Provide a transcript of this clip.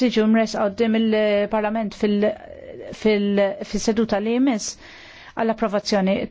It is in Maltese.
tiġu mres għoddim il-parlament fil-seduta seduta li jmiss għall-approvazzjoni